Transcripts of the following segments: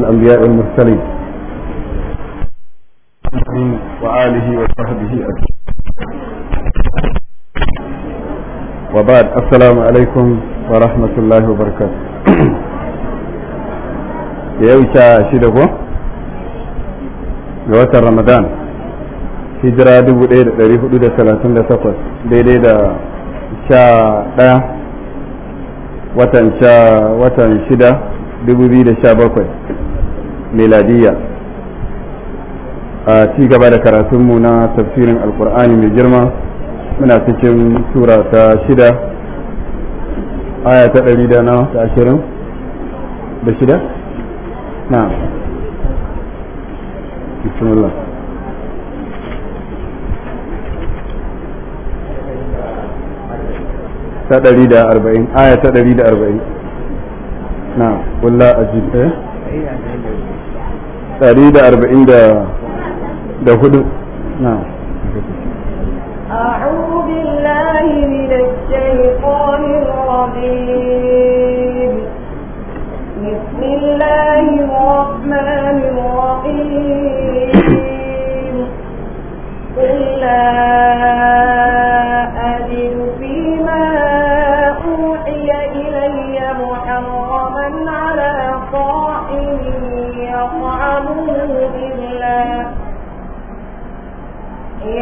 الأنبياء المرسلين وآله وصحبه وبعد السلام عليكم ورحمة الله وبركاته yau sha shida ko ga watan ramadan hijira 1438 daidai da sha daya watan sha watan shida 2017 miladiyya a ci gaba da karatunmu na tafsirin alkur'ani mai girma muna cikin tura ta shida aya ta ɗari da na ta ashirin da shida na bismillah ta ɗari da arba'in aya ta ɗari da arba'in na ƙulla a jiɗe eh? ɗari da arba'in da hudu أعوذ بالله من الشيطان الرجيم بسم الله الرحمن الرحيم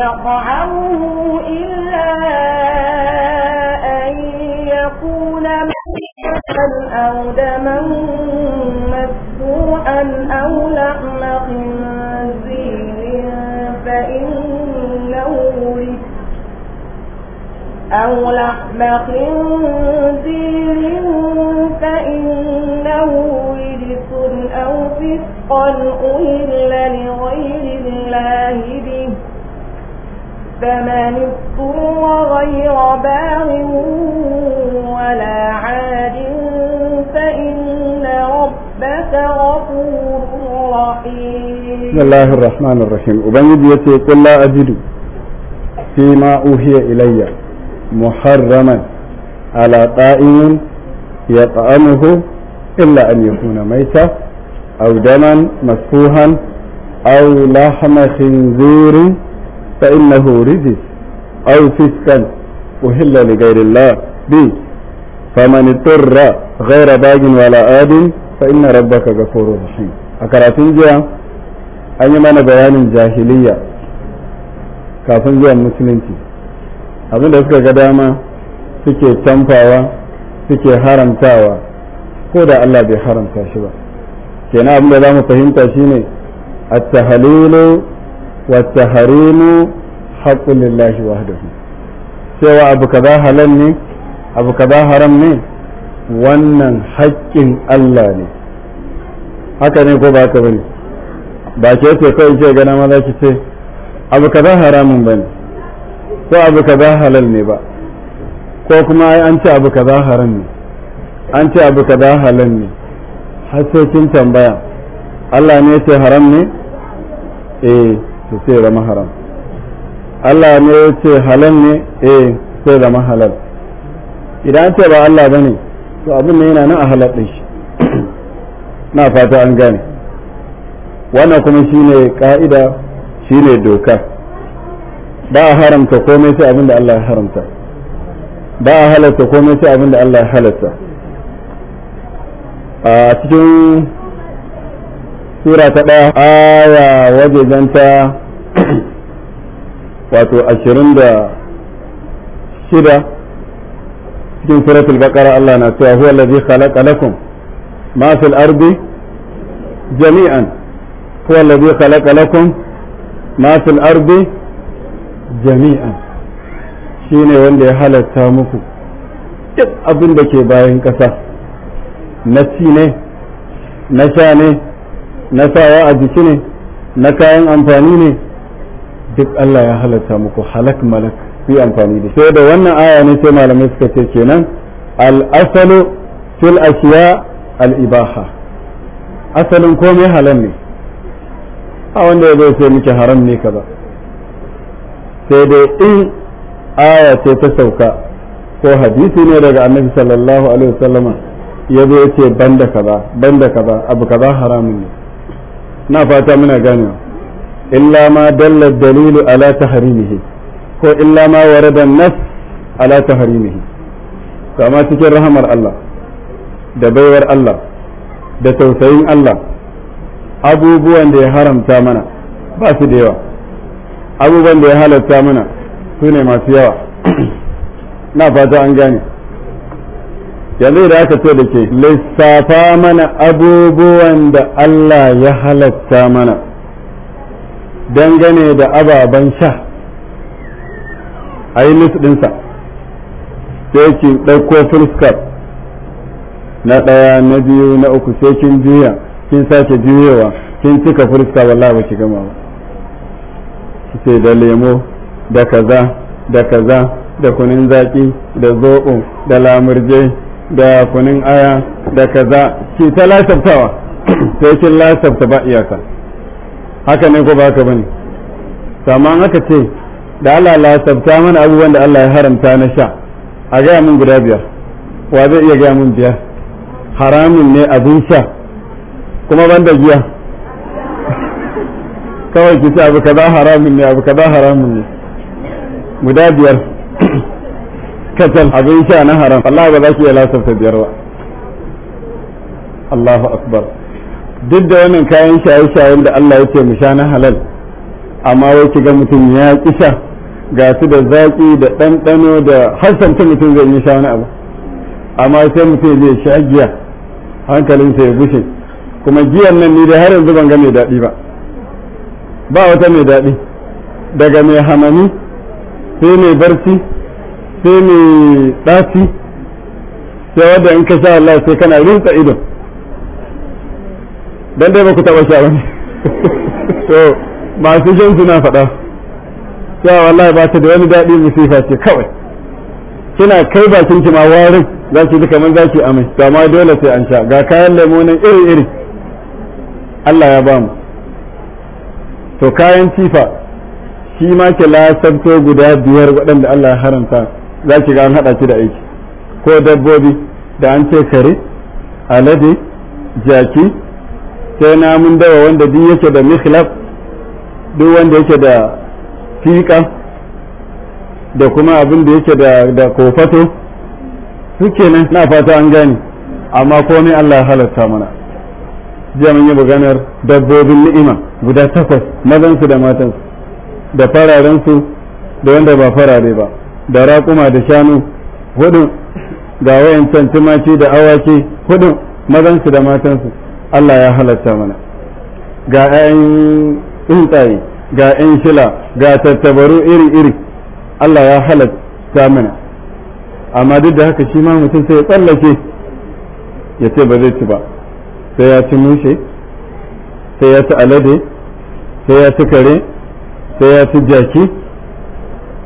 فطعمه إلا bismillahir rahmanir rahim ubangiji yace qul la ajidu fi ma uhiya ilayya muharraman ala ta'imin yat'amuhu illa an yakuna mayta aw daman masfuhan aw lahma khinzirin fa innahu rijis aw fiskan uhilla li ghayri allah bi faman itarra ghayra bagin wala adin fa inna rabbaka ghafurur rahim a karatun jiya an yi mana bayanin jahiliya kafin zuwan musulunci abinda suka ga dama suke tamfawa suke haramtawa ko da Allah bai haramta shi ba kenan abinda za mu fahimta shine at-tahlilu wat-tahrimu haqqun lillahi cewa abu kaza halal ne abu ba haram ne wannan haƙƙin Allah ne haka ne ko ba haka bane ba ke ce kawai ke gana ma za ki ce abu kaza haramun bane ko abu kaza halal ne ba ko kuma ai an ce abu kaza haram ne an ce abu kaza halal ne har sai kin tambaya Allah ne ce haram ne eh to sai zama haram Allah ne ya ce halal ne eh sai zama halal idan ce ba Allah bane to abin ne yana nan a halal din shi na fata an gane wannan kuma shine ka'ida shine doka ba a haramta komai sai abin da Allah ya haramta ba a halatta komai sai abin da Allah ya halatta a cikin sura ta ɗaya aya wajejenta wato ashirin da shida cikin suratul baqara Allah na cewa huwa allazi khalaqa lakum ma fil ardi jami'an هو الذي خلق لكم ما في الأرض جميعا shine wanda ya halatta muku duk abin da ke bayan ƙasa na ci ne na sha ne na a jiki ne na kayan amfani ne duk Allah ya halatta muku halak malak fi amfani da sai da wannan aya ne sai malamai suka ce kenan al-asalu fil ashiya al-ibaha asalin komai halal ne a wanda ya zo sai miki haram ne kaza sai dai in aya ce ta sauka ko hadisi ne daga annabi sallallahu alaihi wasallam ya zo yace banda kaza banda kaza abu kaza haramun ne na fata muna ganewa illa ma dalla dalilu ala tahrimihi ko illa ma warada nas ala tahrimihi to amma cikin rahamar Allah da baiwar Allah da tausayin Allah abubuwan da ya haramta mana ba su da yawa abubuwan da ya halatta mana su ne masu yawa na fata an gane yanzu da aka ce da ke lissafa mana abubuwan da Allah ya halatta mana dangane da ababen sha a yi ɗinsa sai ɗauko fuskar na ɗaya na biyu na uku sai kin juya kin sake juyewa kin cika fuska wallahi baki gama ba sai da lemo da kaza da kaza da kunin zaki da zoɓo da lamurje da kunin aya da kaza ki ta lasaftawa sai kin lasafta ba iyaka haka ne ko ba haka bane amma haka ce da Allah lasafta mana abubuwan da Allah ya haramta na sha a gaya mun guda biyar wa zai iya gaya mun biyar haramin ne abin sha kuma ban da giya kawai ki ce abu kaza haramun ne abu kaza haramun ne guda biyar kacal abin sha na haram Allah ba za ki iya lasafta biyar ba Allahu akbar duk da wannan kayan shaye-shayen da Allah ya ce mu sha na halal amma wai ki ga mutum ya ki sha ga su da zaƙi da ɗanɗano da harsanta mutum zai yi sha wani abu amma sai mutum zai sha giya hankalinsa ya bushe kuma giyan nan ni dai har yanzu ban ga mai daɗi ba ba wata mai daɗi daga mai hamami sai mai barci sai mai ɗaci sai wadda in ka sha Allah sai kana rinsa ido dan dai ba ku taɓa sha ba ne to masu jin suna faɗa sai wallahi ba ta da wani daɗi musifa ce kawai kina kai bakin ki ma warin za ki ji kamar za ki amai to amma dole sai an sha ga kayan lemonin iri iri Allah ya bamu to kayan tifa shi ma ke lasabto guda biyar waɗanda Allah ya haramta za ki ga an haɗa ki da aiki ko dabbobi da an ce kare alade jaki sai namun dawa wanda duk yake da mihlaf duk wanda yake da fiƙa da kuma abin da yake da kofato suke nan na fata an gani amma komai Allah ya halarta mana jiya mun yi maganar dabbobin ni'ima guda takwas mazan su da matan su da fararen su da wanda ba farare ba da raƙuma da shanu hudu ga wayancan tumaki da awaki hudu mazan su da matan su Allah ya halatta mana ga 'yan tsuntsaye ga 'yan shila ga tattabaru iri-iri Allah ya halatta mana amma duk da haka shi ma mutum sai ya tsallake ya ce ba zai ci ba sai ya ci nushe sai ya ci alade sai ya ci kare sai ya ci jaki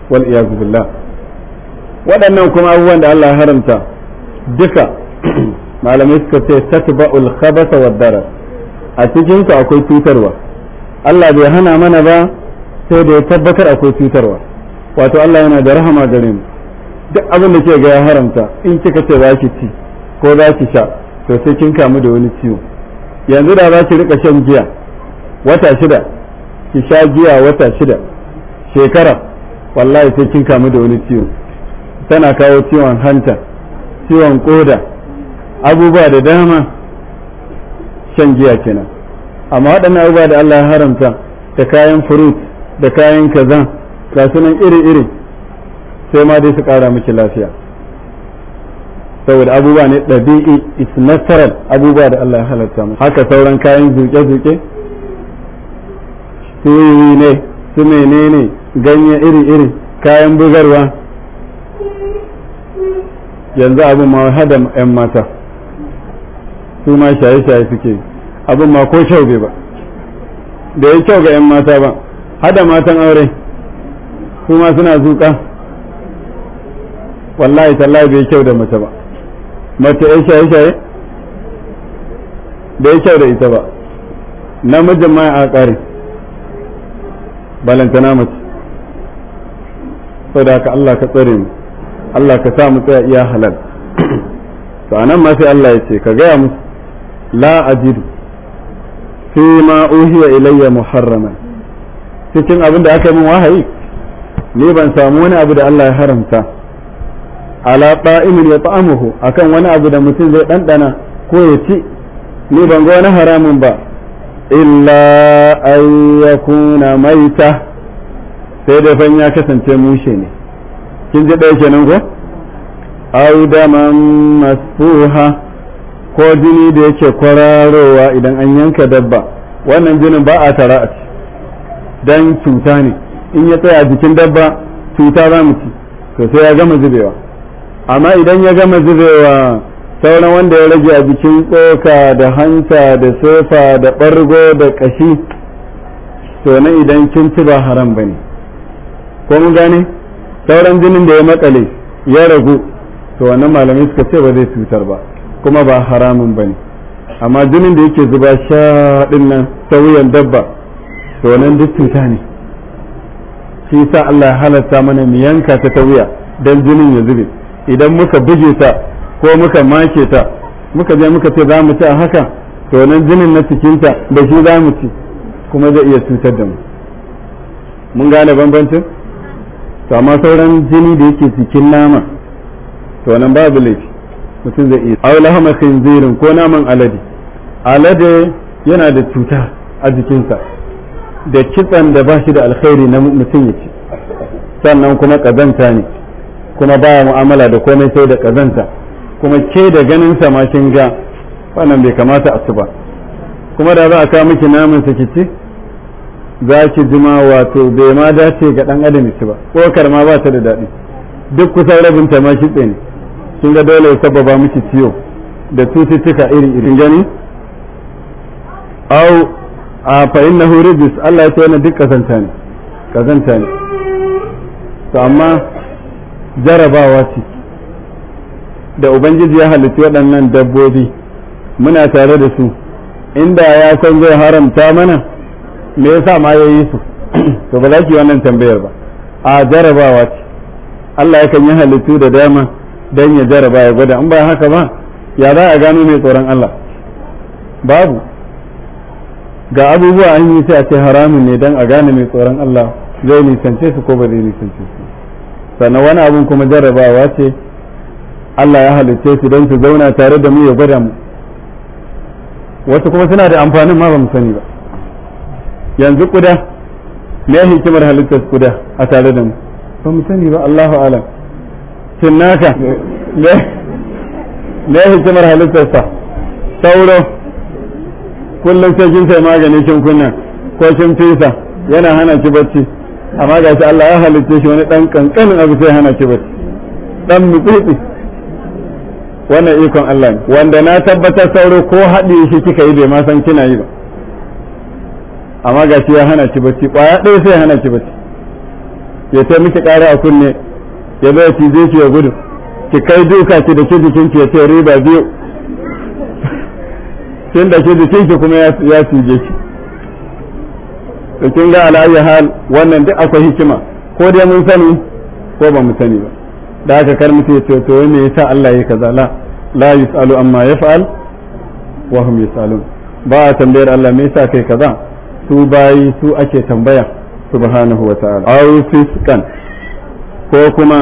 wal iyazu billah waɗannan kuma abubuwan da Allah haramta duka malamai suka ce tatba'ul khabasa wad darar a cikin akwai cutarwa Allah bai hana mana ba sai da ya tabbatar akwai cutarwa wato Allah yana da rahama gare mu duk abin da ke ga ya haramta in kika ce za ki ci ko za ki sha to sai kin kamu da wani ciwo yanzu da za ki rika shan giya wata shida ki sha giya wata shida shekara wallahi sai kin kamu da wani ciwo tana kawo ciwon hanta ciwon koda abubuwa da dama shan giya kenan amma waɗannan abubuwa da Allah ya haramta da kayan fruit da kayan kazan, ga sunan iri-iri sai ma dai su ƙara miki lafiya saboda abubuwa ne ɗabi'i it's natural abubuwa da Allah ya halatta mu haka sauran kayan zuke-zuke su ne su menene ganye iri-iri kayan bugarwa yanzu abin ma hada 'yan mata su ma shaye-shaye suke abin ma ko kyau bai ba da ya kyau ga 'yan mata ba hada matan aure su ma suna zuka wallahi tallahi bai kyau da mace ba mace ya shaye shaye da ya shaye da ita ba namijin ma a ƙari balantana mace sau da haka Allah ka tsare mu Allah ka sa mu tsaya iya halal to anan ma sai Allah ya ce ka gaya musu la ajidu fi ma uhiya ilayya harama cikin abin da aka min wahayi ni ban samu wani abu da Allah ya haramta ala ta'imin ya ta'amuhu akan wani abu da mutum zai ɗanɗana ko ya ci ni ban ga wani haramun ba illa ay yakuna maita sai dai fanya ya kasance mushe ne kin ji dai kenan ko au daman masfuha ko jini da yake kwararowa idan an yanka dabba wannan jinin ba a tara a ci dan cuta ne in ya tsaya jikin dabba cuta za mu ci to sai ya gama zubewa amma idan ya gama zubewa sauran wanda ya rage a jikin tsoka da hanta da sofa da ɓargo da ƙashi to na idan kin ci ba haram ba ne ko mun gane sauran jinin da ya matsale ya ragu to wannan malamai suka ce ba zai cutar ba kuma ba haramun ba ne amma jinin da yake zuba sha ɗin nan sauyan dabba to nan duk cuta ne shi sa Allah ya halatta mana mu yanka ta ta wuya dan jinin ya zube idan muka buge ta ko muka make ta muka je muka ce za mu ci a haka to nan jinin na cikinta da shi za mu ci kuma zai iya cutar da mu mun gane bambancin to amma sauran jini da yake cikin nama to nan babu laifi mutum zai iya aula hama khinzirin ko naman alade alade yana da cuta a jikinsa da kitsan da ba shi da alkhairi na mutum ya ci sannan kuma kazanta ne kuma baya mu'amala da komai sai da kazanta kuma ke da ganin sa kin ga wannan bai kamata a ci ba kuma da za a kawo miki naman sa ki ci za ki ji ma wato bai ma dace ga dan adam ci ba kokar ma ba ta da daɗi duk kusan rabin ta ma kitse kin ga dole ya sababa miki ciwo da cututtuka iri iri gani au a fa innahu rijis Allah ya ce wannan duk kazanta ne kazanta ne to amma jarabawa ce da ubangiji ya halitta waɗannan dabbobi muna tare da su inda ya san zai haramta mana me yasa ma ya yi su to ba za ki wannan tambayar ba a jarabawa ce Allah kan yi halittu da dama don ya jaraba ya gwada in ba haka ba ya za a gano mai tsoron Allah babu ga abubuwa an yi sai a ce haramun ne don a gane mai tsoron Allah zai nisance su ko ba zai nisance su sannan wani abun kuma jarrabawa ce Allah ya halitta su don su zauna tare da mu ya gwada mu wasu kuma suna da amfanin ma ba mu sani ba yanzu kuda me ya hikimar halittar kuda a tare da mu ba mu sani ba Allahu alam cinnaka me ya hikimar halitta sa sauro kullum sai kin sai maganin kin kunna ko kin fisa yana hana ki bacci amma ga shi Allah ya halitta shi wani dan kankanin abu sai hana shi bacci dan mutsitsi wannan ikon Allah ne wanda na tabbatar sauro ko haɗe shi kika yi bai ma san kina yi ba amma ga shi ya hana shi bacci kwaya ɗaya sai hana shi bacci ya ta miki ƙara a kunne ya zo ki je ki ya gudu ki kai duka ki da ki jikin ki ya ce riba biyu tun da ki jikin ki kuma ya cije ki to kin ga ala hal wannan duk akwai hikima ko dai mun sani ko ba mu sani ba da haka kar mu ce to me yasa Allah ya kaza la la yusalu amma yaf'al wa hum yusalun ba a tambayar Allah me yasa kai kaza su bayi su ake tambaya subhanahu wa ta'ala au fiskan ko kuma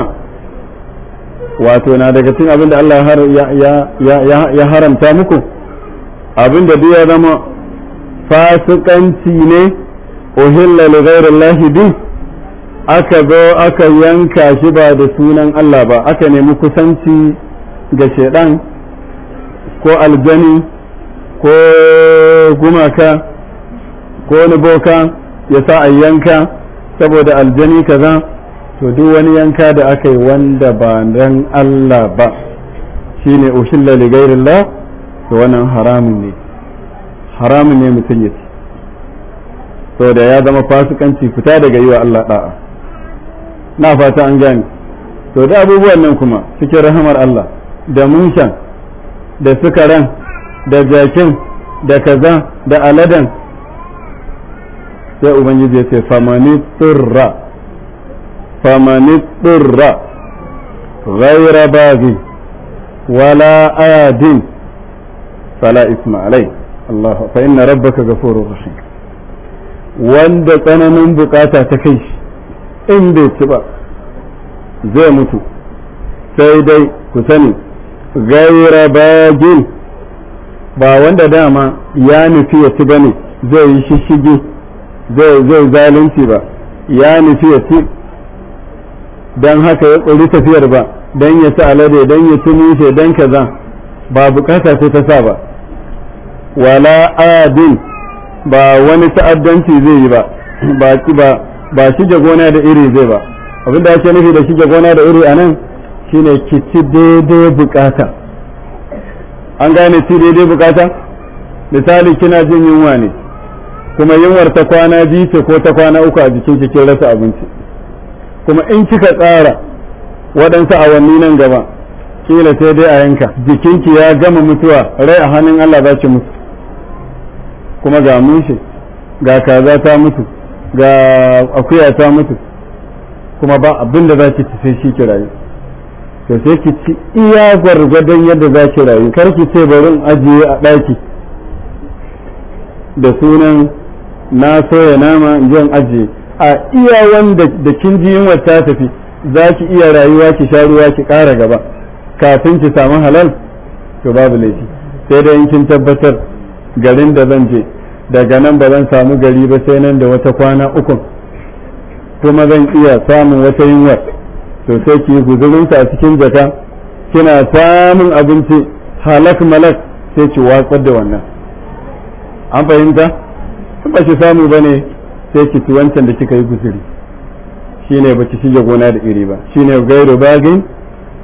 wato na daga cikin abin da Allah ya haramta muku abin da duk ya zama fasikanci ne uhilla لغير الله به aka zo aka yanka shi ba da sunan Allah ba aka nemi kusanci ga shaidan ko aljani ko gumaka ko wani boka ya sa a yanka saboda aljani kaza to duk wani yanka da aka yi wanda ba dan Allah ba shine ushilla li ghairillah to wannan haramun ne haramun ne mutum ya ci da ya zama fasikanci fita daga yi wa Allah da'a na fata an gani to da abubuwan nan kuma cikin rahamar Allah da munshan da sukaran da jakin da kaza da aladan sai ubangiji ya ce famani turra famani turra ghaira babi wala adin fala isma alai Allah fa inna rabbaka ghafurur rahim wanda tsananin bukata ta kai shi in bai ci ba zai mutu sai dai ku sani gaira bagin ba wanda dama ya nufi ya ci bane zai yi shishige zai zalunci ba ya nufi ya ci don haka ya tsori tafiyar ba don ya ci alade don ya ci mushe don kaza ba bukata ce ta sa ba wala adin ba wani ta'addanci zai yi ba ba ba ba shige gona da iri zai ba abin da ake nufi da shige gona da iri anan shine ki ci daidai bukata an gane ci daidai bukata misali kina jin yunwa ne kuma yunwar ta kwana biyu ce ko ta kwana uku a jikin kin rasa abinci kuma in kika tsara waɗansu awanni nan gaba kila sai dai a yanka jikinki ya gama mutuwa rai a hannun Allah za ki mutu kuma ga mushe ga kaza ta mutu ga akuya ta mutu kuma ba abin da za ki ci sai shi ki rayu to sai ki ci iya gwargwadon yadda zaki rayu kar ki ce bari in ajiye a ɗaki da sunan na soya nama in ajiye a iya wanda da kin ji yunwa ta tafi za ki iya rayuwa ki sha ruwa ki kara gaba kafin ki samu halal to babu laifi sai dai in kin tabbatar garin da zan je daga nan ba zan samu gari ba sai nan da wata kwana uku kuma zan iya samun wata yunwar to sai ki yi ta a cikin jaka kina samun abinci halak malak sai ki watsar da wannan an fahimta in ba ki samu ba ne sai ki ci wancan da kika yi guzuri shine ba ki shige gona da iri ba shine gairu bagin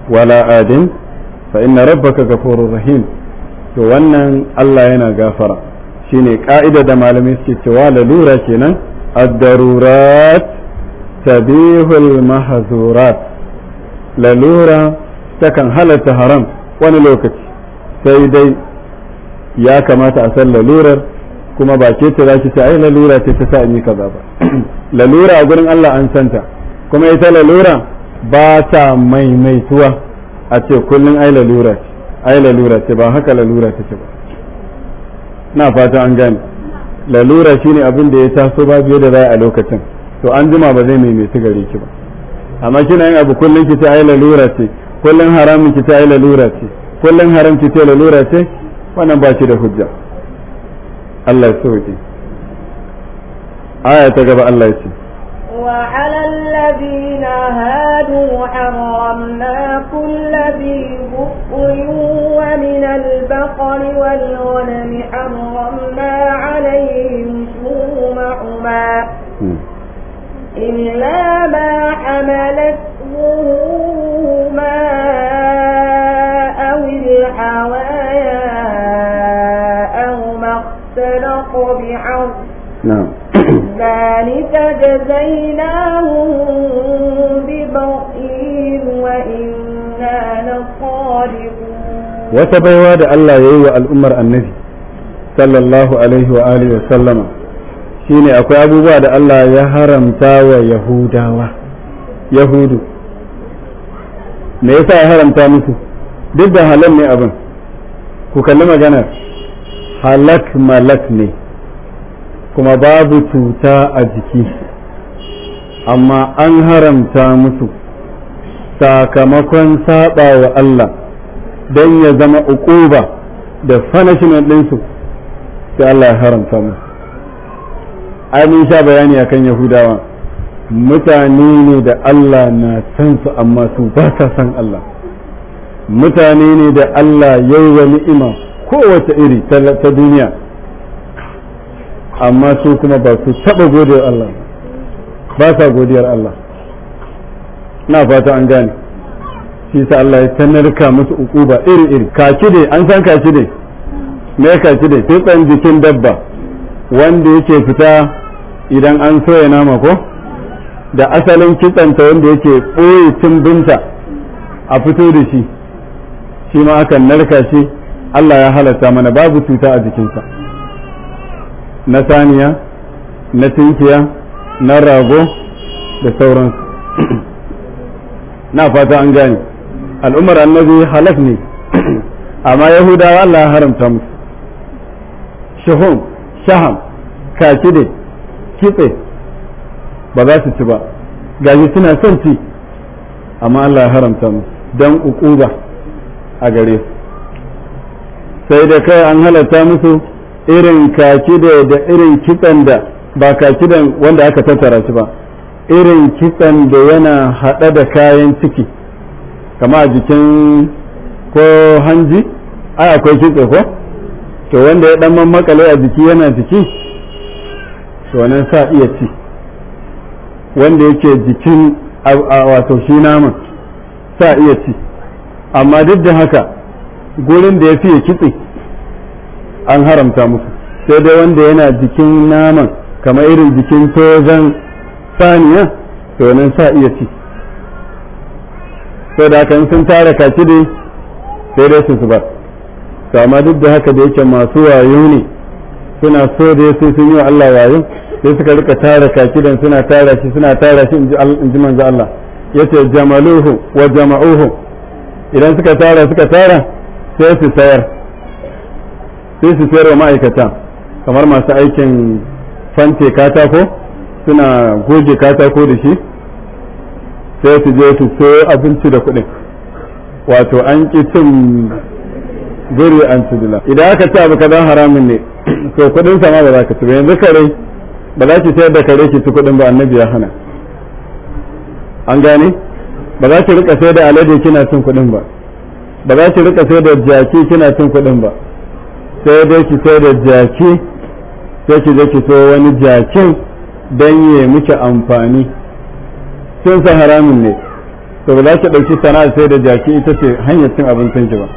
wala adin fa inna rabbaka ghafurur rahim to wannan Allah yana gafara shine ka'ida da malamai suke cewa lalura kenan ad-darurat tabihul mahzurat lalura takan halatta haram wani lokaci sai dai ya kamata a san lalurar kuma ba ke ta zaki ta ai lalura ce ta sa in yi kaza ba lalura a gurin Allah an santa kuma ita lalura ba ta maimaituwa a ce kullum ai lalura ce ai lalura ce ba haka lalura ta ce ba na fata an gane lalura shine abin da ya taso ba biye da rai a lokacin to an jima ba zai maimaita gare ki ba amma kina yin abu kullum ki ce ai lalura ce kullum haramun ki ce ai lalura ce kullum haram ki ce lalura ce wannan ba shi da hujja Allah ya sauke aya ta gaba Allah ya ce wa alal الذين هادوا حرمنا كل ذي بطل ومن البقر والغنم حرمنا عليهم شومهما إلا ما حملت ظهورهما أو الحوايا أو ما اختلق بعض نعم ذلك جزيناهم wata baiwa da Allah ya yi wa al'ummar annabi sallallahu alaihi wa alihi wa sallama shine akwai abubuwa da Allah ya haramta wa yahudawa yahudu me yasa ya haramta musu duk da halal ne abin ku kalli magana halak malak ne kuma babu cuta a jiki amma an haramta musu sakamakon saba wa Allah don ya zama ukuba da punishment ɗinsu sai Allah ya haramta mu ainihin sha bayani akan yahudawa mutane ne da Allah na san su amma su ba sa san Allah mutane ne da Allah yau wa ni'ima kowace iri ta duniya amma su kuma ba su taɓa godiyar Allah ba sa godiyar Allah na fata an gane shi sa Allah ya tanarka musu ukuba iri iri kaki ne an san kaki ne me kaki ne tsan jikin dabba wanda yake fita idan an soya nama ko da asalin kitsanta wanda yake ɓoye tumbinta a fito da shi shi ma aka narka shi Allah ya halatta mana babu cuta a jikinsa na saniya na tinkiya na rago da sauransu na fata an gane al'ummar annabi halaf ne amma yahudawa Allah ya haramta musu shahun shaham kakide kitse ba za su ci ba gaji suna son ci amma Allah ya haramta musu don ukuba a gare su sai da kai an halatta musu irin kakide da irin kitsen da ba kakidan wanda aka tattara shi ba irin kitsen da yana haɗe da kayan ciki kama a jikin ko hanji ai akwai kitse ko to wanda ya dan makale a jiki yana jiki to nan sa iya ci wanda yake jikin wato shi naman sa iya ci amma duk da haka gurin da ya fiye kitse an haramta musu sai dai wanda yana jikin naman kamar irin jikin tozan saniya to nan sa iya ci sai da kan sun tara kaci dai sai dai su zubar to amma duk da haka da yake masu wayo ne suna so da su sun yi wa Allah wayo sai suka rika tara kaci dan suna tara shi suna tara shi in ji manzo Allah yace jamaluhu wa jama'uhu idan suka tara suka tara sai su sayar sai su sayar wa ma'aikata kamar masu aikin fante katako suna goge katako da shi sai su je su sayo abinci da kuɗin wato an ƙi cin guri an ci dila idan aka ci abu kadan haramun ne to kuɗin sama ba za ka ci ba yanzu kare ba za ki sayar da kare ki ci kuɗin ba annabi ya hana an gane ba za ki rika sayar da alade kina cin kuɗin ba ba za ki rika sayar da jaki kina cin kuɗin ba sai dai ki sayar da jaki sai ki je ki sayo wani jakin don ya miki amfani sun san haramin ne to ba za ki ɗauki sana'ar sai da jaki ita ce hanyar cin abincin ki ba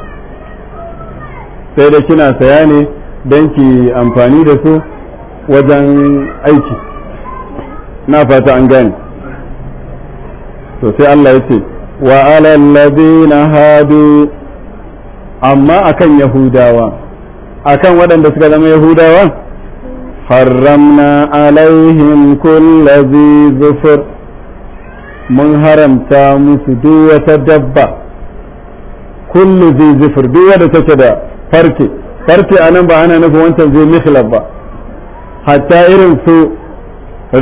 sai da kina saya ne don ki amfani da su wajen aiki na fata an gane to sai Allah ya ce wa alallazina hadu amma akan yahudawa akan waɗanda suka zama yahudawa harramna alaihim kullazi zufur mun haramta musu duk wata dabba kullu zai zufur duk wadda take da farke farke a nan ba ana nufin wancan zai mihlab ba hatta irin su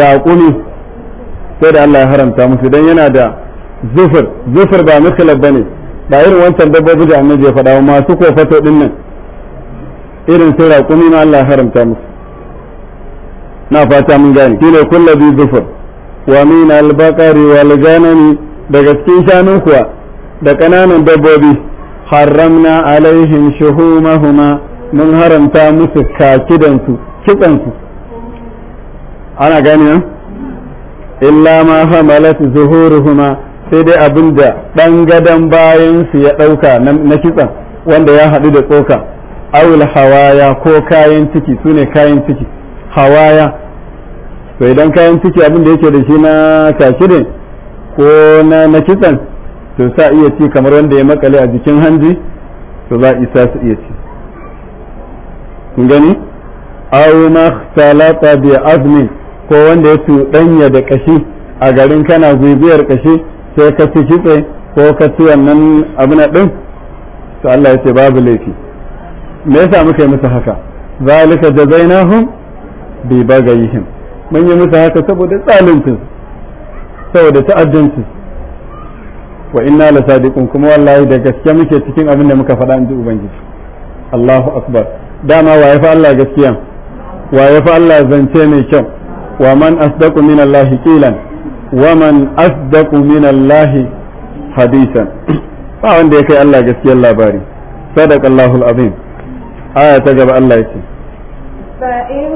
raƙumi sai da Allah ya haramta musu don yana da zufur zufur ba mihlab ba ne ba irin wancan dabbobi da annabi ya faɗa masu kofato din nan irin su raƙumi ma Allah ya haramta musu na fata mun gane shine kullu zai zufur wa min al-baqari wal ganami daga cikin shanu kuwa da kananan dabbobi haramna alaihim shuhumahuma mun haramta musu kakidansu su ana gani illa ma hamalat zuhuruhuma sai dai abinda da gadan bayan su ya dauka na kitsan wanda ya hadu da tsoka awul hawaya ko kayan ciki sune kayan ciki hawaya to idan kayan ciki abin da yake da shi na kakirin ko na na kitsan to sa iya ci kamar wanda ya makale a jikin hanji to za a isa su iya ci kun gani aw ma salata bi azmi ko wanda ya tudanya da kashi a garin kana gubiyar kashi sai ka ci kitse ko ka ci wannan abin din to Allah ya ce babu laifi me yasa muka yi musu haka zalika jazainahum bi bagayihim man yi musu haka saboda tsalintin saboda ta'addancin wa inna la sadiqun kuma wallahi da gaskiya muke cikin abin da muka faɗa inji ubangiji Allahu akbar dama wa yafi Allah gaskiya wa yafi Allah zance mai kyau wa man asdaqu min Allah qilan wa man asdaqu min Allah hadisan ba wanda ya kai Allah gaskiyar labari sadaqallahu alazim aya ta gaba Allah yake فإن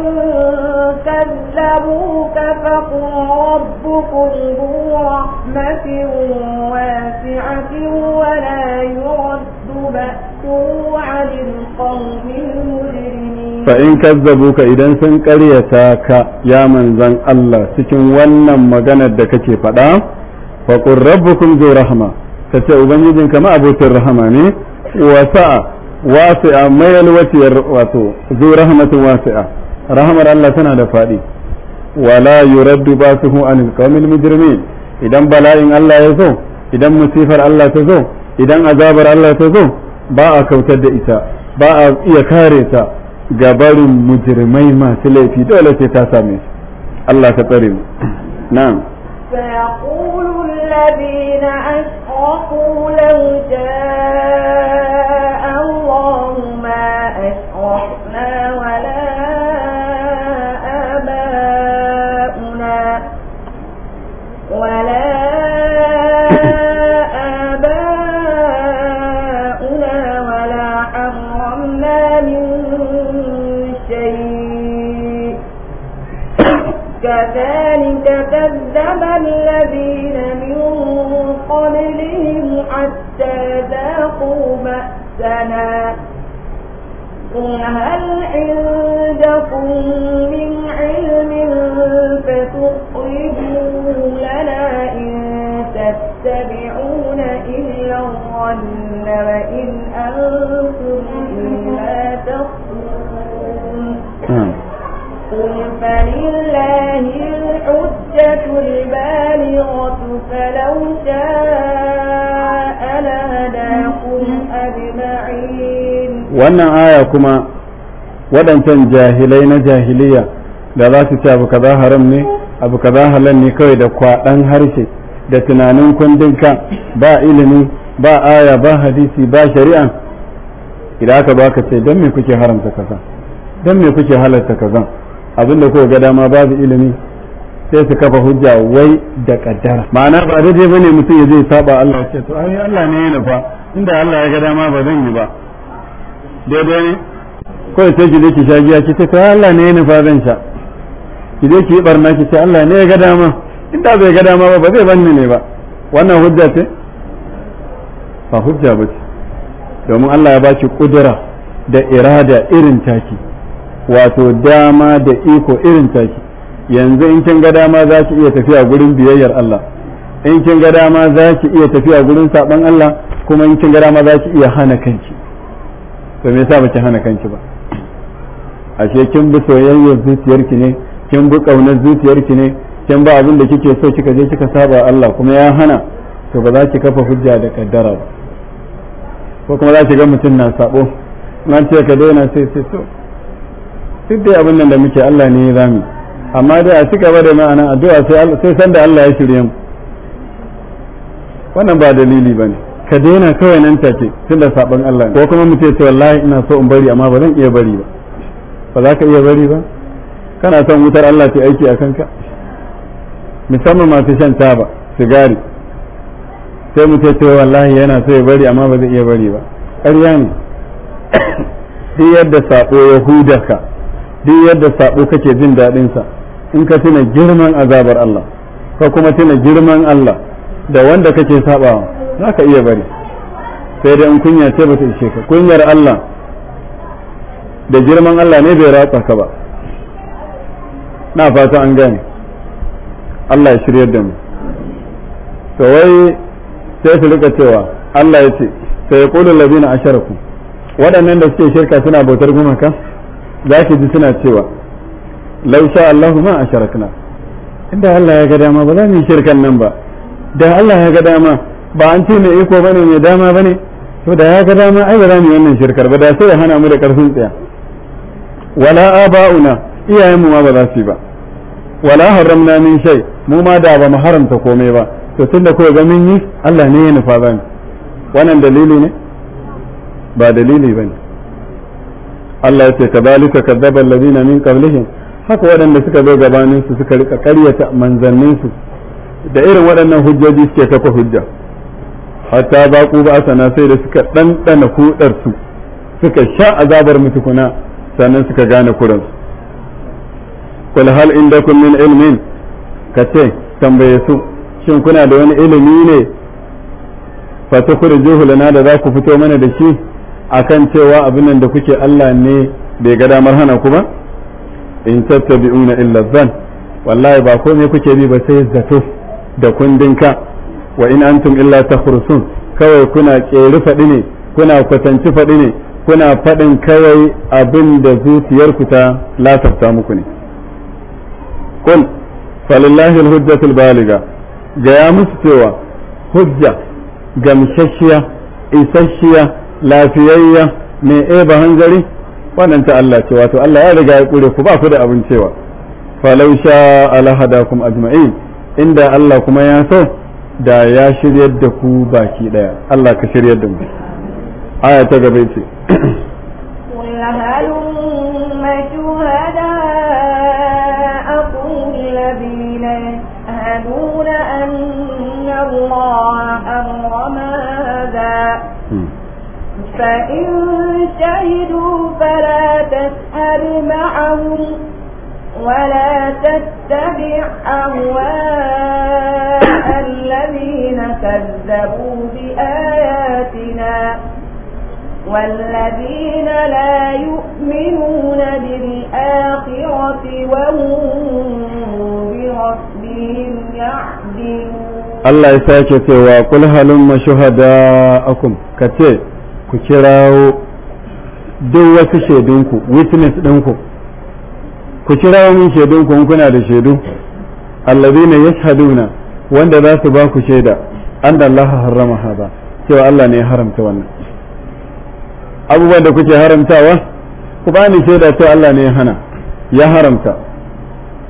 كذبوك فقل ربكم ذو رحمة واسعة ولا يرد بأسه عن القوم المجرمين فإن كذبوك إذا سن قريتاك يا من زن الله سكن ونم مغنى الدكتي فدا فقل ربكم ذو رحمة kace ubangijin kama abokin rahama ne wasi'a mai alwaciyar wato zu rahmatin wasi'a rahmar Allah tana da faɗi wala yuraddu basuhu anil qawmil mujrimin idan bala'in Allah ya zo idan musifar Allah ta zo idan azabar Allah ta zo ba a kautar da ita ba a iya kare ta ga barin mujrimai masu laifi dole sai ta same su Allah ka tsare mu na'am sayaqulu alladhina asrafu law ولا آباؤنا ولا حرمنا من شيء كذلك كذب الذين البالغة فلو شاء لهداكم أجمعين wannan aya kuma wadancan jahilai na jahiliya da za su ce abu kaza haram ne abu kaza halal ne kawai da kwaɗan harshe da tunanin kundin ka ba ilimi ba aya ba hadisi ba shari'a idan aka baka ce don me kuke haramta kaza don me kuke halarta kaza abinda kuka ga dama babu ilimi sai su kafa hujja wai da kaddara ma'ana ba daidai bane mutum ya zai saba Allah ya ce to ai Allah ne yana fa inda Allah ya ga dama ba zan yi ba daidai ne kawai sai ki dake shaji ya giya ce to Allah ne yana fa zan sha ki je ki barna ki ce Allah ne ya ga dama inda bai ga dama ba ba zai banni ne ba wannan hujja ce ba hujja ba ce domin Allah ya ba ki kudura da irada irin taki wato dama da iko irin taki yanzu in kin ga dama za ki iya tafiya gurin biyayyar Allah in kin ga dama za ki iya tafiya gurin saban Allah kuma in kin ga dama za ki iya hana kanki to me yasa baki hana kanki ba ashe kin bi soyayyar zuciyarki ne kin bi kaunar zuciyarki ne kin ba abin da kike so kika je kika saba Allah kuma ya hana to ba za ki kafa hujja da kaddara ba ko kuma za ki ga mutum na sabo na ce ka daina sai sai so duk dai abin nan da muke Allah ne ya zami amma dai a cigaba da ma'ana addu'a sai sanda Allah ya shirye mu wannan ba dalili bane ka daina kawai nan take da saban Allah ko kuma mu ce wallahi ina so in bari amma ba zan iya bari ba ba za ka iya bari ba kana son wutar Allah ta aiki a kanka musamman masu shan taba sigari sai mu ce wallahi yana so ya bari amma ba zai iya bari ba ƙarya ne duk yadda sabo ya huda duk yadda sabo kake jin daɗinsa in ka tuna girman azabar Allah ka kuma tuna girman Allah da wanda kake sabawa za ka iya bari sai dai in kunya ce ba ta ishe ka kunyar Allah da girman Allah ne bai ratsa ka ba na fata an gane Allah ya shiryar da mu to wai sai su rika cewa Allah ya ce sai ya kullu labina asharaku waɗannan da suke shirka suna bautar gumaka za ki ji suna cewa lau sha Allahu ma a asharakna inda Allah ya ga dama ba za mu yi shirkan nan ba da Allah ya ga dama ba an ce mai iko bane mai dama bane to da ya ga dama ai ba za mu yi wannan shirkar ba da sai ya hana mu da karfin tsaya wala aba'una iyayen mu ma ba za su yi ba wala haramna min shay mu ma da ba mu haramta komai ba to tunda ko ga mun yi Allah ne ya nufa ba wannan dalili ne ba dalili bane Allah ya ce kadhalika kadzaba alladhina min qablihim haka waɗanda suka zo gabanin su suka rika ƙaryata manzannin su da irin waɗannan hujjoji suke kafa hujja hatta ku ba sana sai da suka ɗanɗana kudar su suka sha azabar mutukuna sannan suka gane kuran su kul hal indakum min ilmin kace tambaye su shin kuna da wani ilimi ne fa tukhrijuhu lana da za ku fito mana da shi akan cewa abin da kuke Allah ne bai ga damar hana ku ba in tattabi'una illa dhann wallahi ba komai kuke bi ba sai zato da kundinka wa in antum illa takhrusun kawai kuna kere faɗi ne kuna kwatanci faɗi ne kuna faɗin kawai abin da zuciyarku ta lasafta muku ne Kun falillahi alhujjatul baliga gaya musu cewa hujja gamsasshiya isasshiya lafiyayya mai eba hanzari wannan ta Allah ce wato Allah ya riga ya kure ku ba ku da abin cewa falau sha alahadakum ajma'in inda Allah kuma ya so da ya shiryar da ku baki daya Allah ka shiryar da mu aya ta gaba ce فإن شهدوا النار معهم ولا تتبع أهواء الذين كذبوا بآياتنا والذين لا يؤمنون بالآخرة وهم بربهم يعدلون الله ya وقل هلم شهداءكم كتير shuhada'akum duk wasu shaidunku witness ɗinku ku kira min shaidunku in kuna da shaidu ne yashhaduna wanda za su ba ku shaida an da Allah harrama haza cewa Allah ne ya haramta wannan abubuwan da kuke haramtawa ku ba ni shaida cewa Allah ne ya hana ya haramta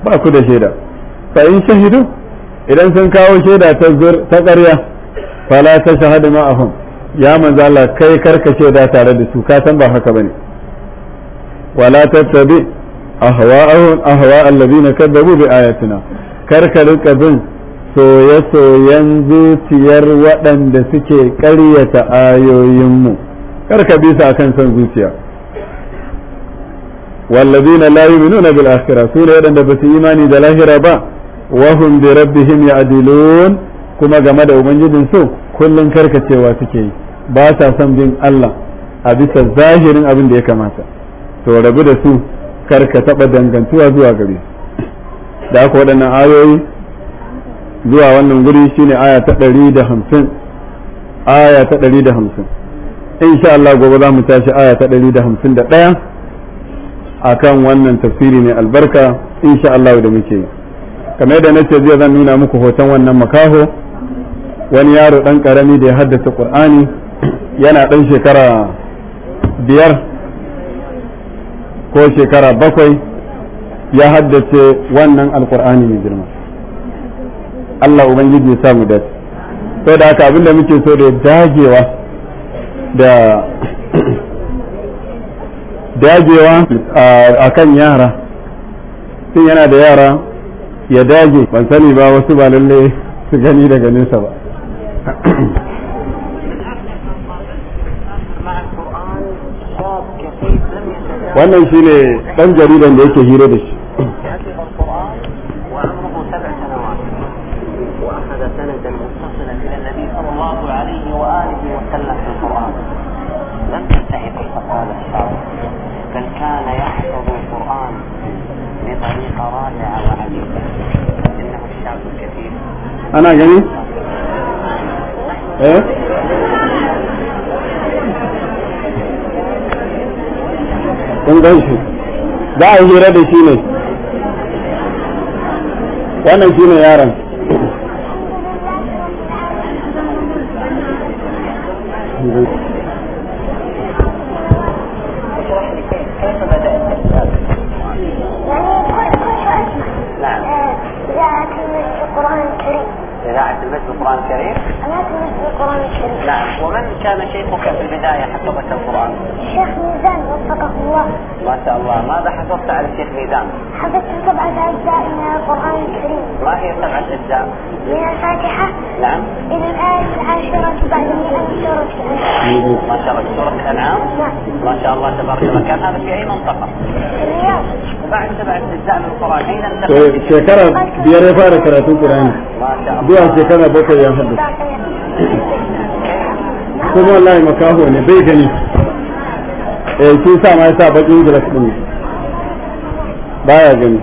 ba ku da shaida fa in shahidu idan sun kawo shaida ta zur ta ƙarya fala ta shahadu ma'ahum ya manzo Allah kai karkace da tare da su ka san ba haka bane wala tattabi ahwa'ahum ahwa'a alladhina kadzabu bi ayatina karkarin kabin soye soyen zuciyar waɗanda suke ƙaryata ayoyinmu karka bisa kan son zuciya wallazi na layu minu na bil'ashira su ne waɗanda ba su imani da lahira ba wahun bi rabbihim ya kuma game da ubangijin su kullum karkacewa suke yi ba sa son bin Allah a bisa zahirin abin da ya kamata to rabu da su karka taɓa dangantuwa zuwa gare da aka waɗannan ayoyi zuwa wannan guri shine aya ta ɗari da hamsin aya ta ɗari da hamsin insha Allah gobe za mu tashi aya ta ɗari da hamsin da ɗaya a kan wannan tafsiri ne albarka insha Allah da muke yi kamar yadda na ce zai zan nuna muku hoton wannan makaho wani yaro dan karami da ya haddasa qur'ani yana dan shekara biyar ko shekara bakwai ya haddace wannan alkur'ani mai girma Allah ubangiji ya samu dace sai da haka abinda muke so da dagewa da dagewa a kan yara sun yana da yara ya dage ban sani ba wasu ba lalle su gani daga nesa ba wannan shi ne ɗan jaridan da yake hira da shi أنا جميل Eh? kun gan shi za a hira da shi ne wannan shi ne yaron كان شيخك في البداية حفظك القرآن؟ الشيخ ميزان وفقه الله ما شاء الله ماذا حفظت على الشيخ ميزان؟ حفظت سبعة أجزاء من القرآن الكريم ما هي سبعة أجزاء؟ من الفاتحة نعم إلى الآية العاشرة بعد من سورة الأنعام ما شاء الله سورة الأنعام؟ نعم ما شاء الله تبارك الله كان هذا في أي منطقة؟ الرياض بعد سبعة أجزاء من القرآن أين انتقلت؟ إيه، شكرا بيرفارك رسول القرآن ما شاء الله بيرفارك رسول القرآن kuma wallahi makaho ne bai gani eh kin sa ma yasa bakin gilas din baya gani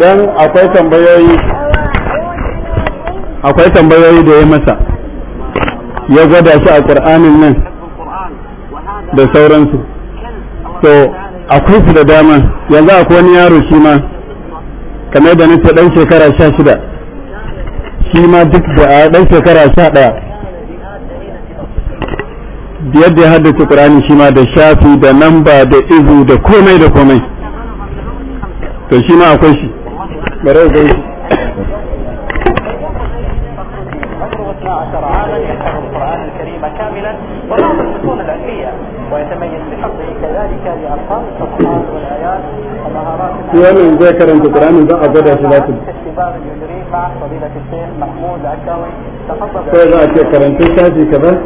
idan akwai tambayoyi akwai tambayoyi da ya masa ya gwada shi a ƙur'anin nan da sauransu to akwai su da dama yanzu akwai wani yaro shi ma kamar da nace ɗan shekara sha shida shi ma duk da ɗan shekara sha ɗaya yadda ya haddace ƙur'ani shi ma da shafi da namba da izu da komai da komai to shi ma akwai shi مراجع عشر عاما يحفظ القرآن الكريم كاملا وبعض الفصول العلمية ويتميز بحفظه كذلك لألفاظ الصفحات والآيات ومهارات ومن ذاكر أن تقرأ بقى بدا ثلاثة الشباب يجري مع فضيلة الشيخ محمود العكاوي تفضل يا أتذكر تشهد تشاهدي كذا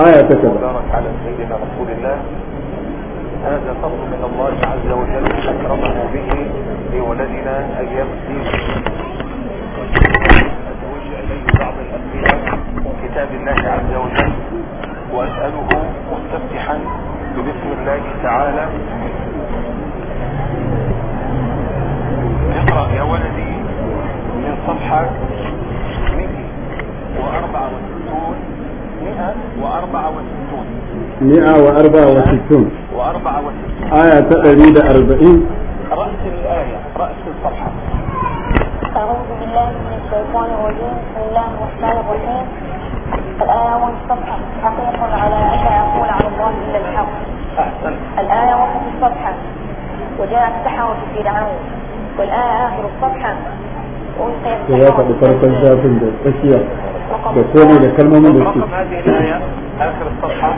آية كذا بارك على سيدنا رسول الله هذا فضل من الله عز وجل أكرمه به لولدنا أيام الدين أتوجه إليه بعض الأمثلة من كتاب الله عز وجل وأسأله مستفتحا بسم الله تعالى اقرأ يا ولدي من صفحة 164 164 164 164 آية تقريبا 40 رأس الآية رأس الصفحة أعوذ بالله من الشيطان الرجيم بسم الله الرحمن الرحيم الآية والصفحة حقيق على أن أقول على الله إلا الحق الآية وسط الصفحة وجاء السحرة في دعوه والآية آخر الصفحة da ya faɗi farkon shafin da هذه الآية آخر الصفحة kalmomin هذه الآية آخر الصفحة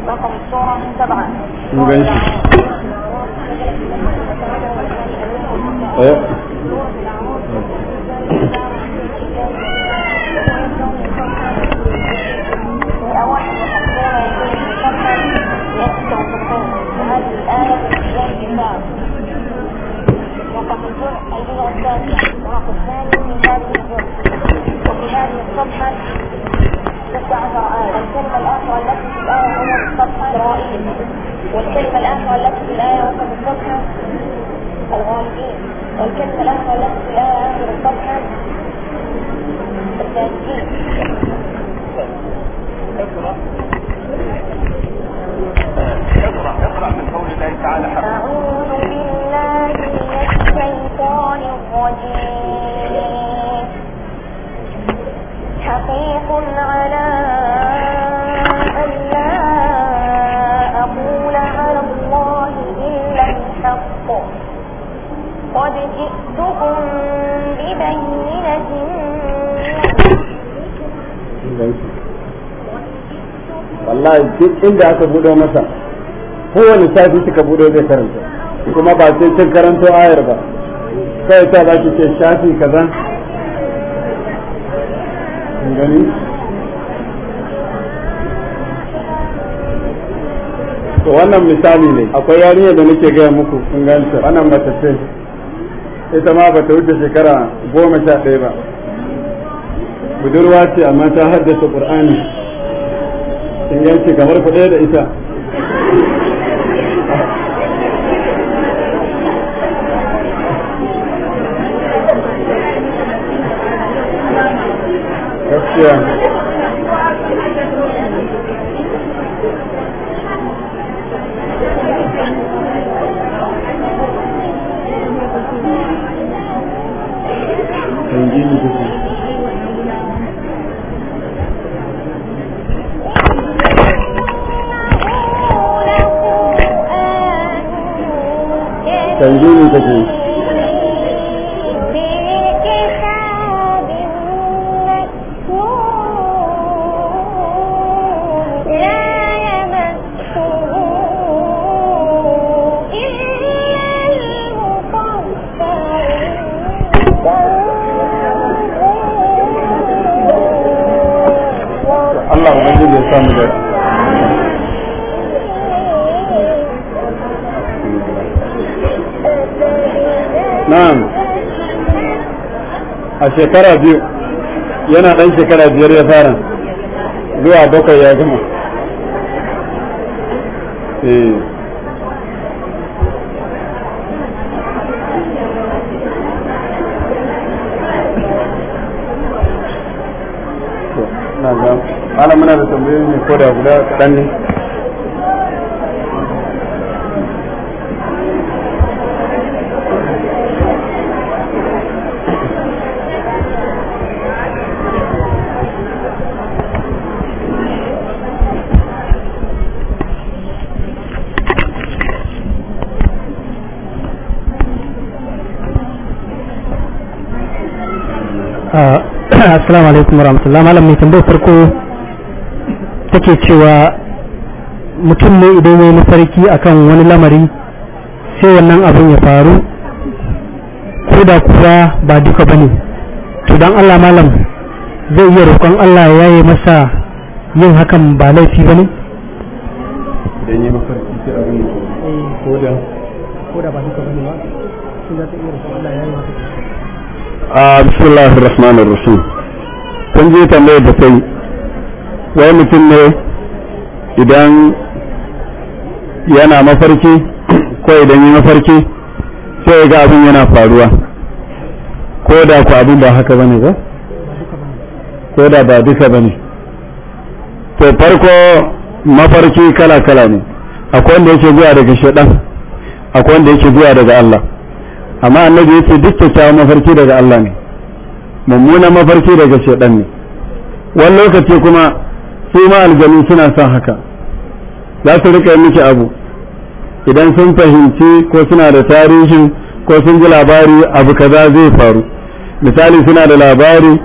一根线。哎。amma duk inda aka buɗo masa kowane safi suka buɗo zai karanta kuma ba sai cin karanto ayar ba kai ta ba ce shafi kaza gani to wannan misali ne akwai yarinya da nake gaya muku kun ganta wannan mace ce ita ma ba ta wuce shekara goma sha ɗaya ba budurwa ce amma ta haddasa ƙur'ani yanke kamar ku ɗaya da ita gaskiya Thank you. 人，这个。shekara biyu yana ɗan shekara biyar ya fara zuwa bakwai ya gama ana eh. muna da tambayoyi ne ko da guda kaɗan ne assalamu alaikum warahmatullahi malam mai tambayar farko take cewa mutum ne idan ya mafarki akan wani lamari sai wannan abin ya faru ko da kuwa ba duka bane to dan Allah malam zai iya roƙon Allah ya yi masa yin hakan ba laifi bane idan mafarki sai abin ya eh. ko da ko da ba duka bane ba sai za iya roƙon Allah ya yi masa a ah, bismillahir rahmanir rahim kun je tambayar da sai wai mutum ne idan yana mafarki ko idan yi mafarki sai ga abin yana faruwa ko da ku abin ba haka bane ba ko da ba duka bane to farko mafarki kala kala ne akwai wanda yake zuwa daga shaɗan akwai wanda yake zuwa daga Allah amma annabi yace duk ta mafarki daga Allah ne mummunan mafarki daga shaidan ne wani lokaci kuma su ma aljanu suna son haka za su rika miki abu idan sun fahimci ko suna da tarihin ko sun ji labari abu kaza zai faru misali suna da labari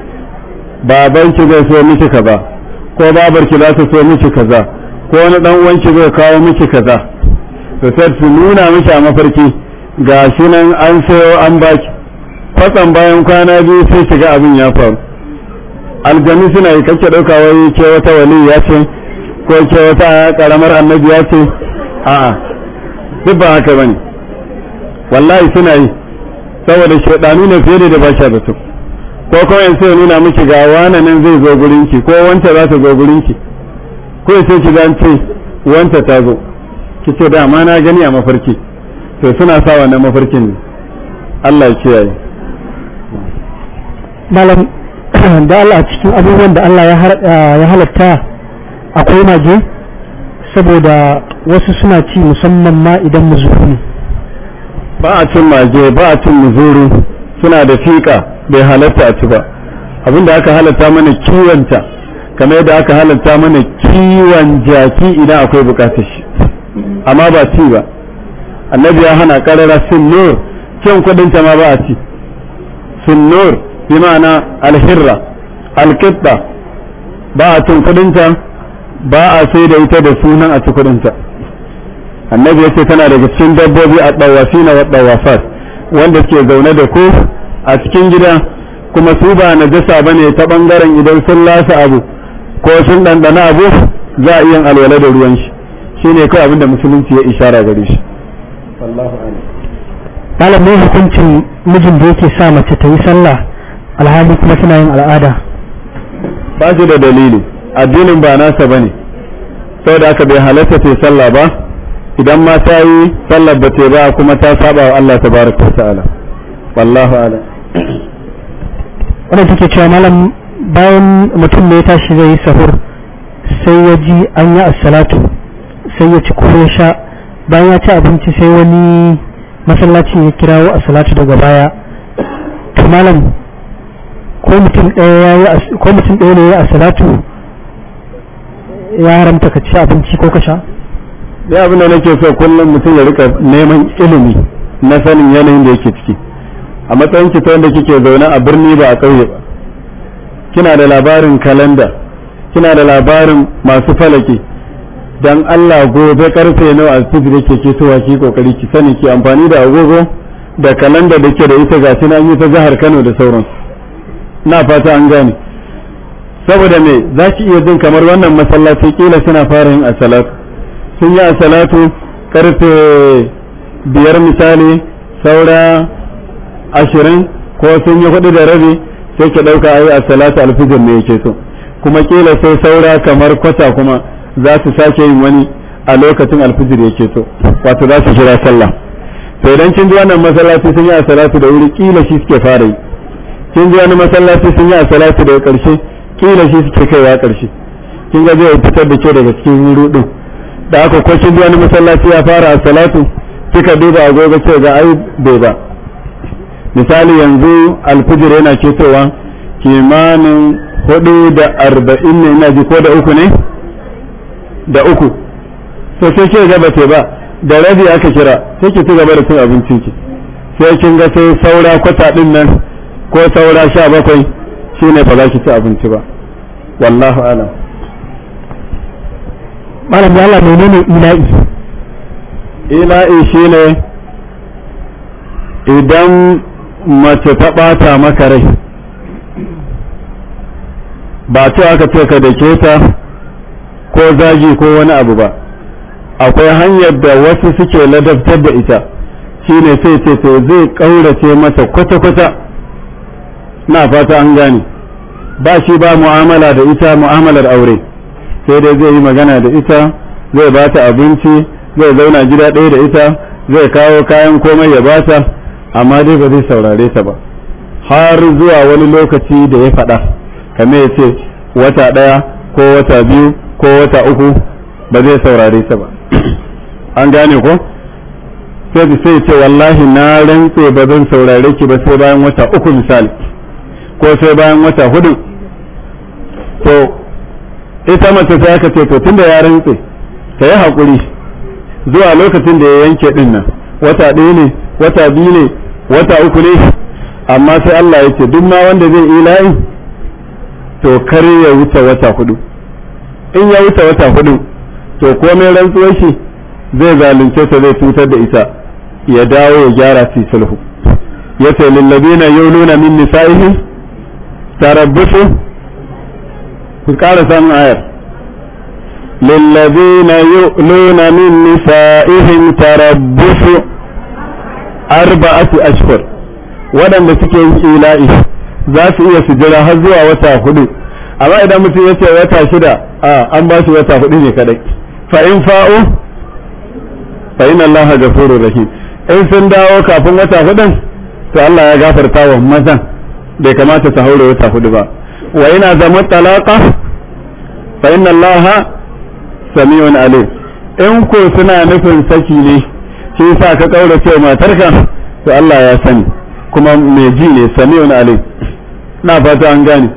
ki zai so miki kaza ko babar ki za su so miki kaza ko wani dan ki zai kawo miki kaza to sai su nuna miki a mafarki ga shi nan an sayo an baki Fasan bayan kwana biyu sai shiga abin ya faru aljami suna yi kake ɗauka wai ke wata wali ya ce ko ke wata ƙaramar annabi ya ce a'a duk ba haka bane wallahi suna yi saboda shaɗanu ne fiye da ba sha da su ko kawai sai nuna miki ga wani nan zai zo gurinki ko wanta za ta zo gurinki ko sai ki gan ce wancan ta zo ki ce dama na gani a mafarki to suna sa wannan mafarkin ne Allah ya kiyaye malam da Allah cikin abubuwan da Allah ya halatta akwai mage saboda wasu suna ci musamman ma idan muzuru ba a cin mage ba a cin muzuru suna da fika bai halatta a ci ba abinda aka halatta mana kiwonta kamar yadda aka halatta mana kiwon jaki idan akwai bukatar shi amma ba ci ba annabi ya hana karara sun nur kudin ta ma ba a ci sun bi ma'ana alhirra alkitta ba a cin kudinta ba a sai da ita da sunan a ci kudinta annabi ya ce tana daga cikin dabbobi a ɗawafina wa ɗawafar wanda suke zaune da ku a cikin gida kuma su ba jasa ba ne ta ɓangaren idan sun lasa abu ko sun ɗanɗana abu za a iya alwala da ruwan shi shi ne kawai abinda musulunci ya ishara gare shi malam hukuncin mijin da yake sa mace ta yi sallah alhali kuma suna yin al'ada ba shi da dalili addinin ba nasa ba sau saboda aka bai halatta ta sallah ba idan ma ta yi sallar ba ba kuma ta saba wa Allah tabaraka ta'ala wallahu ala wanda take cewa malam bayan mutum ne ya tashi zai yi sahur sai ya ji an yi assalatu sai ya ci kuro ya sha bayan ya ci abinci sai wani masallacin ya kirawo assalatu daga baya to malam ko mutum ɗaya ne ya a salatu ya haramta ka ci abinci ko ka sha ya abin da nake so kullum mutum ya rika neman ilimi na sanin yanayin da yake ciki a matsayin ki da kike zaune a birni ba a ƙauye ba kina da labarin kalanda kina da labarin masu falaki dan Allah gobe karfe nawa cikin da ke kesowa ki kokari ki sani ki amfani da agogo da kalanda da ke da ita ga an yi ta jihar Kano da sauransu na fata an gane saboda me za ki iya jin kamar wannan masallaci kila suna fara yin asalatu sun yi asalatu karfe biyar misali saura ashirin ko sun yi hudu da rabi sai ki ɗauka yi asalatu alfijir ne yake so kuma kila sai saura kamar kwata kuma za su sake yin wani a lokacin alfijir yake so wato za su jira sallah to idan kin ji wannan masallaci sun yi asalatu da wuri kila shi suke fara yi kin ji wani masallaci sun yi salatu daga ƙarshe kila shi suke kaiwa ƙarshe kin ga zai fitar da ke daga cikin rudu da aka ko kin ji wani masallaci ya fara salatu kika duba agogo ce ga ai bai ba misali yanzu alfijir yana cetowa kimanin hudu da arba'in ne ina ji ko da uku ne da uku so sai ke gaba ce ba da rabi aka kira sai ki ci gaba da cin abincin ki sai kin ga sai saura kwata din nan ko saura sha bakwai shi ne ba za ki ci abinci ba wallahu alam malam ya Allah ne ila'i ila'i shi ne idan mace ta ɓata maka rai ba ce aka ce ka dake ta ko zagi ko wani abu ba akwai hanyar da wasu suke ladabtar da ita shine sai ce to zai ƙaurace mata kwata-kwata na fata an gane ba shi ba mu'amala da ita mu'amalar aure sai dai zai yi magana da ita zai ba ta abinci zai zauna gida ɗaya da ita zai kawo kayan komai ya bata amma dai ba zai saurare ta ba har zuwa wani lokaci da ya faɗa kamar ya ce wata ɗaya ko wata biyu ko wata uku ba zai saurare ta ba an gane ko sai sai ce wallahi na rantse ba zan saurare ki ba sai bayan wata uku misali ko sai bayan wata hudu to ita mace sai aka ce to tunda ya rantse ta yi haƙuri zuwa lokacin da ya yanke din nan wata ɗaya ne wata biyu ne wata uku ne amma sai Allah ya ce duk ma wanda zai ila'i to kare ya wuce wata hudu in ya wuce wata hudu to komai rantsuwar shi zai zalunce ta zai cutar da ita ya dawo ya gyara fi sulhu ya ce na yau nuna min nisa'ihim tarabbusu ku ƙara samun ayar للذين يؤلون من نسائهم تربص أربعة أشهر waɗanda suke yin ila'i za su iya su jira har zuwa wata hudu amma idan mutum ce wata shida an basu shi wata hudu ne kadai fa in fa'u fa in Allah in sun dawo kafin wata hudun to Allah ya gafarta wa mazan bai kamata su haura wata hudu ba wa ina zama talaka fa inna allaha sami'un alim in ko suna nufin saki ne shi sa ka kaura ce matarka to Allah ya sani kuma mai ji ne sami'un alim na fata an gane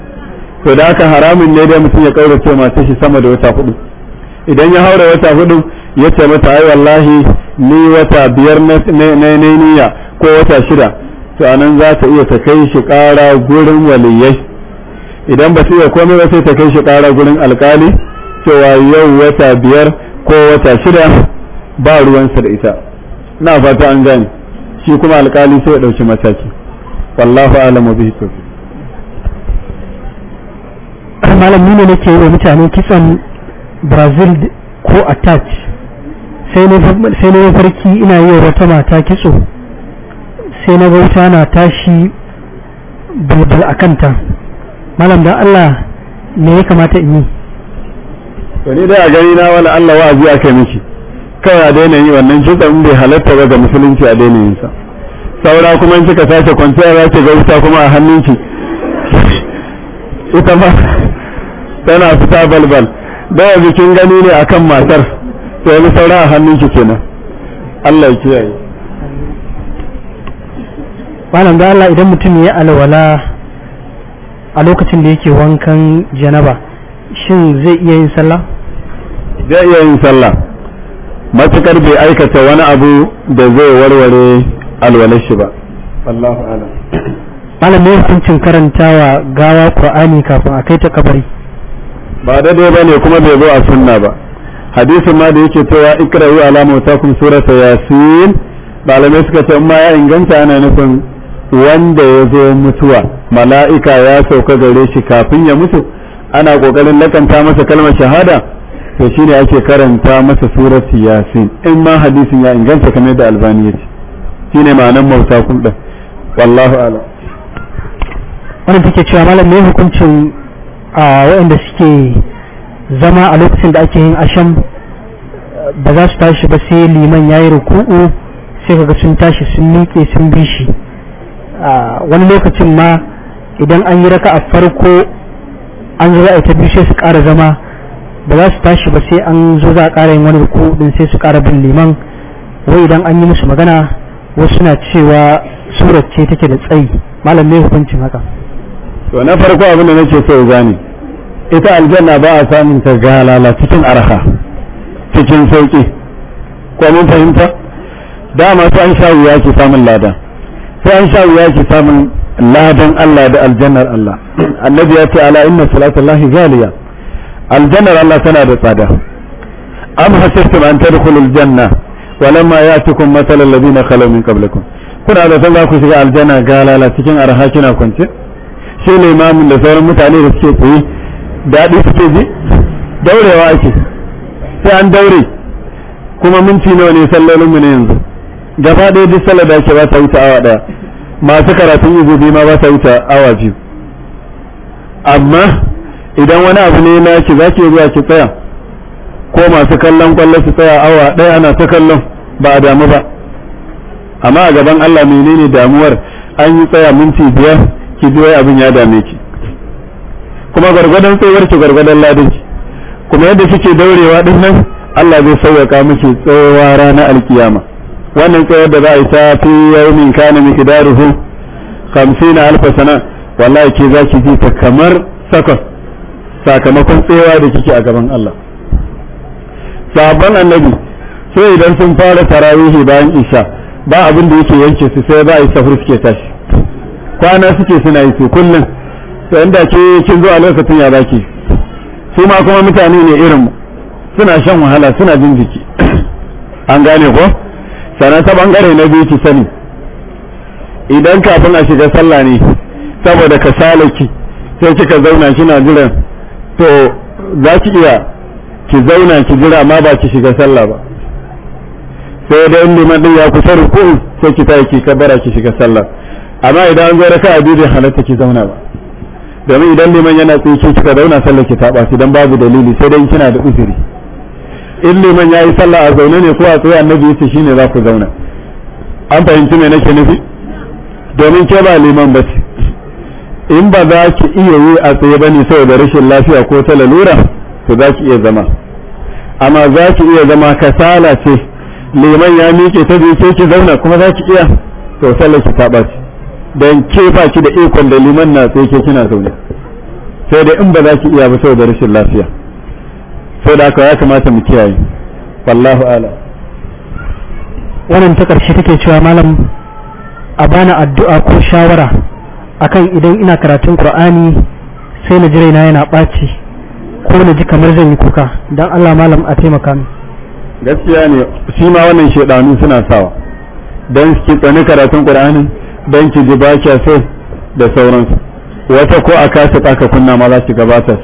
to da haka haramun ne da mutum ya kaura ce matar shi sama da wata hudu idan ya haura wata hudu ya ce mata ai wallahi ni wata biyar na niyya ko wata shida to anan za ta iya ta kai shi ƙara gurin waliyai idan ba ta iya komai ba sai ta kai shi ƙara gurin alƙali cewa yau wata biyar ko wata shida ba sa da ita na fata an gane shi kuma alƙali sai ya ɗauki mataki wallahu alamu bihi tofi malam nuna nake yi wa mutane kisan brazil ko attach sai ne farki ina yi wa wata mata kitso sai na bauta na tashi bulbul a kanta malam da Allah me ya kamata in yi to ni dai a gani na wala Allah wa wa'azi aka miki kai a daina yi wannan kitsa in bai halatta ga musulunci a daina yin sa saura kuma in kika sace kwanciya za ki ga wuta kuma a hannunki ita ma tana fita balbal da yanzu kin gani ne akan matar to yanzu saura a hannunki kenan Allah ya kiyaye malam da Allah idan mutum ya alwala a lokacin da yake wankan janaba shin zai iya yin sallah zai iya yin sallah matukar bai aikata wani abu da zai warware alwalar shi ba Allahu alam malam ne hukuncin karantawa gawa qur'ani kafin a kai ta kabari ba daidai bane kuma bai zo a sunna ba hadisin ma da yake cewa ikra'u ala mutakum surata yasin malamai suka ce ma ya inganta ana nufin wanda ya zo mutuwa mala'ika ya sauka gare shi kafin ya mutu ana ƙoƙarin lakanta masa kalmar shahada to ne ake karanta masa surar yasin in ma hadisin ya inganta kamar da albani ya ce shine ma'anan mauta kun ɗan wallahu ala wani take cewa malam mai hukuncin a waɗanda suke zama a lokacin da ake yin asham ba za su tashi ba sai liman ya yi ruku'u sai kaga sun tashi sun miƙe sun bi shi wani lokacin ma idan an yi raka a farko an zo za a ta biyu sai su ƙara zama ba za su tashi ba sai an zo za a ƙara yin wani ruku din sai su ƙara bin liman wai idan an yi musu magana wasu suna cewa surar ce take da tsayi malam mai hukuncin haka to na farko abin da nake so gane ita aljanna ba a samun ta galala cikin araha cikin sauki ko mun fahimta dama su an sha wuya ke samun lada sai an sha wuya ke samun ladan Allah da aljannar Allah annabi ya ce ala inna salatullahi zaliya aljannar Allah tana da tsada am hasibtum an tadkhulul janna walamma ya'tikum min qablikum kuna da san za ku shiga aljanna ga cikin arha kina kwance shi ne imamin da sauran mutane da suke tsaye daɗi suke ji daurewa ake sai an daure kuma minti nawa ne sallolin mu ne yanzu gaba ɗaya duk sallar da ake ba ta wuta awa ɗaya masu karatun yi biyu ma ba ta wuta awa biyu amma idan wani abu ne na ki za ki zuwa ki tsaya ko masu kallon kwallo su tsaya awa ɗaya ana ta kallon ba a damu ba amma a gaban Allah menene damuwar an yi tsaya minti biyar ki ji wai abin ya dame ki kuma gargadon tsayuwar ki gargadon ladin ki kuma yadda kike daurewa din nan Allah zai sauƙaƙa miki tsayawa ranar alkiyama wannan tsayar da za a yi ta fi yaumin kana miqdaruhu 50 alf sana wallahi ke za ki ji ta kamar sakamakon tsewa da kike a gaban Allah sabon annabi sai idan sun fara tarawihi bayan isha ba abin da yake yanke su sai ba a yi sahur suke tashi kwana suke suna yi su kullum sai inda ke kin zo a lokacin ya baki su ma kuma mutane ne irin suna shan wahala suna jin jiki an gane ko sannan ta bangare na biyu ki sani idan kafin a shiga sallah ne saboda ka salaki sai kika zauna kina jiran to za ki iya ki zauna ki jira ma ba ki shiga sallah ba sai da in liman din ya kusa ruku sai ki tayi ki kabbara ki shiga sallah amma idan an zo raka'a biyu bai halatta ki zauna ba domin idan liman yana tsaye kika zauna sallah ki ta ɓaci dan babu dalili sai dai kina da uzuri in liman ya yi sallah a zaune ne ko a tsaye annabi yace shine za ku zauna an fahimci me nake nufi domin ke ba liman ba ce in ba za ki iya yi a tsaye ba ne saboda rashin lafiya ko ta lalura to za ki iya zama amma za ki iya zama kasala ce liman ya miƙe ta je ke ki zauna kuma za ki iya to sallar ki ta ɓaci don ke ba ki da ikon da liman na tsaye ke kina zaune sai dai in ba za ki iya ba saboda rashin lafiya sai da aka ya kamata mu kiyaye wallahu ala wannan ta karshe take cewa malam a bana addu'a ko shawara akan idan ina karatun qur'ani sai na ji raina yana ɓaci ko na ji kamar zan yi kuka dan Allah malam a taimaka ni gaskiya ne shi ma wannan shedanu suna sawa dan ki tsani karatun qur'ani dan ki ji bakiya so da sauransu wata ko a kasa taka kunna ma za ki gabata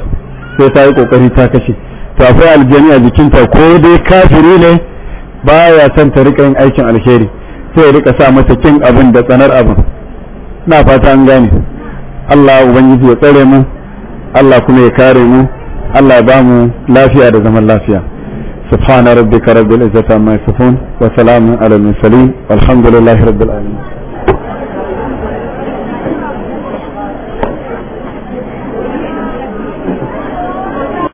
sai ta yi kokari ta kashe to akwai aljani a jikinta ko dai kafiri ne ba ya son ta rika yin aikin alheri sai ya rika sa mata kin abin da tsanar abin na fata an gane Allah ubangiji ya tsare mu Allah kuma ya kare mu Allah ya ba mu lafiya da zaman lafiya سبحان ربك رب العزة عما يصفون وسلام على المرسلين والحمد لله رب العالمين